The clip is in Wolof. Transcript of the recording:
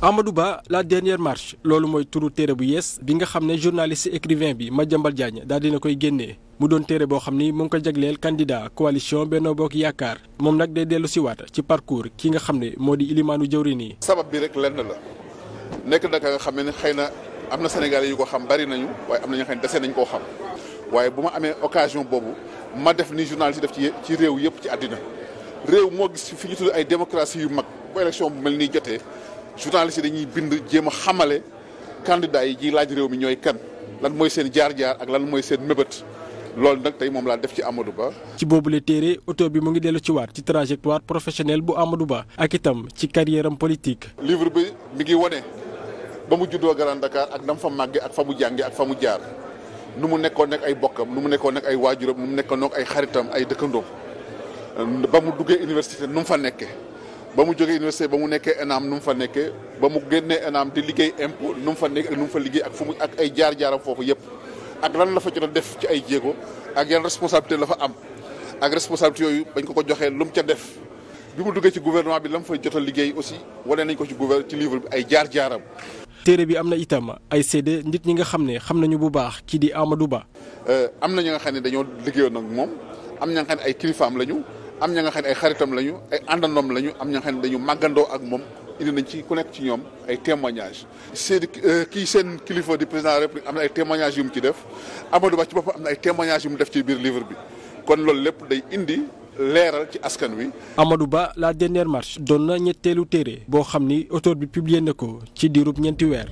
Amadou Ba la dernière marche loolu mooy turu téere bu yées bi nga xam ne journaliste écrivain bi ma Madiambal Diagne daal dina koy génnee mu doon téere boo xam ni mu ngi ko jagleel candidat benn Benno Bokk Yaakaar moom nag day dellu si waat ci parcours ki nga xam ne moo di ilimaanu jëwriñ nii sabab bi rek lenn la nekk naka nga xam ne xëy na am na sénégal yu ko xam bari nañu waaye am na ñoo xam ne dese nañ koo xam waaye bu ma amee occasion boobu ma def ni journaliste def ci ci réew yëpp ci àddina réew moo gis ay démocratie yu mag bu bu mel nii jotee journalistes si dañuy bind jéem a xamale candidats yi ji laaj réew mi ñooy kan lan mooy seen jaar-jaar ak lan mooy seen mébét loolu nag tey moom laa def ci Amadou Ba. ci boobule téere oto bi mu ngi dellu ci waat ci trajectoire professionnelle bu Amadou Ba ak itam ci carrière am livre bi mu ngi wone ba mu juddoo Grand Dakar ak dama fa màggee ak fa mu jàngee ak fa mu jaar nu mu nekkoon nag ay bokkam nu mu nekkoon nag ay waajuram nu mu nekkoon nag ay xaritam ay dëkkandoom ba mu duggee université nu mu fa nekkee. ba mu jógee université ba mu nekkee ENAM nu mu fa nekkee ba mu génnee ENAM di liggéey impôt nu mu fa nekk ak mu fa liggéey ak fu mu ak ay jaar-jaaram foofu yëpp ak lan la fa jot a def ci ay jéego ak yan responsabilité la fa am ak responsabilité yooyu bañ ko ko joxee lu mu ca def bi mu duggee ci gouvernement bi la mu fa jot a liggéey aussi wane nañ ko ci gouver ci livre bi ay jaar-jaaram. téere bi am na itam ay seede nit ñi nga xam ne xam nañu bu baax kii di Amadou Ba. Euh, am na ñu nga xam ne dañoo liggéeyoon ak moom am na ñi nga xam ne ay am ña nga xam ne ay xaritam lañu ay àndandoom lañu am ña nga xam dañu màggandoo ak moom indi nañ ci ku nekk ci ñoom ay témoignages. seen euh, kii seen kilifa di président de la république am na ay témoignages yu mu ci def Amadou Ba ci boppam am na ay témoignages yu def ci biir livre bi kon loolu lépp day indi. leeral ci askan wi. Amadou Ba la dernière marche doon na ñetteelu téere boo xam ni auteur bi publié na ko ci diirub ñeenti weer.